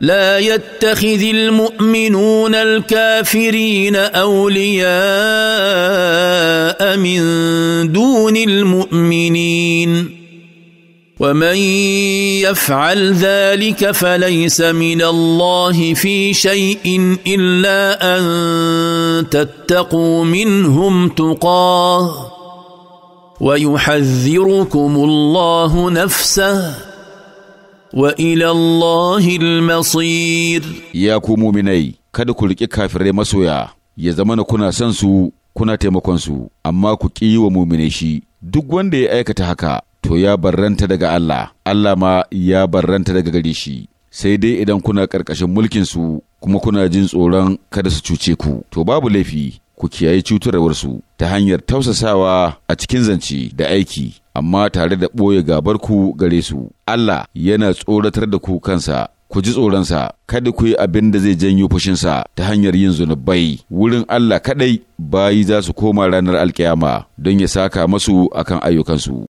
لا يتخذ المؤمنون الكافرين اولياء من دون المؤمنين ومن يفعل ذلك فليس من الله في شيء الا ان تتقوا منهم تقاه ويحذركم الله نفسه وإلى الله Ya ku muminai, kada ku riƙi kafirai masoya ya zamana kuna son su kuna taimakon su amma ku ƙi yi wa muminai shi duk wanda ya aikata haka to ya barranta daga Allah Allah ma ya barranta daga gare shi sai dai idan kuna ƙarƙashin mulkin su kuma kuna jin tsoron kada su cuce ku to babu laifi ku kiyaye cutarwarsu ta hanyar tausasawa a cikin zance da aiki amma tare da ɓoye gabarku gare su Allah yana tsoratar da ku kansa ku ji tsoronsa kada ku yi abin da zai janyo fushinsa ta hanyar yin zunubai wurin Allah kadai bayi za su koma ranar alkiyama don ya saka masu akan ayyukansu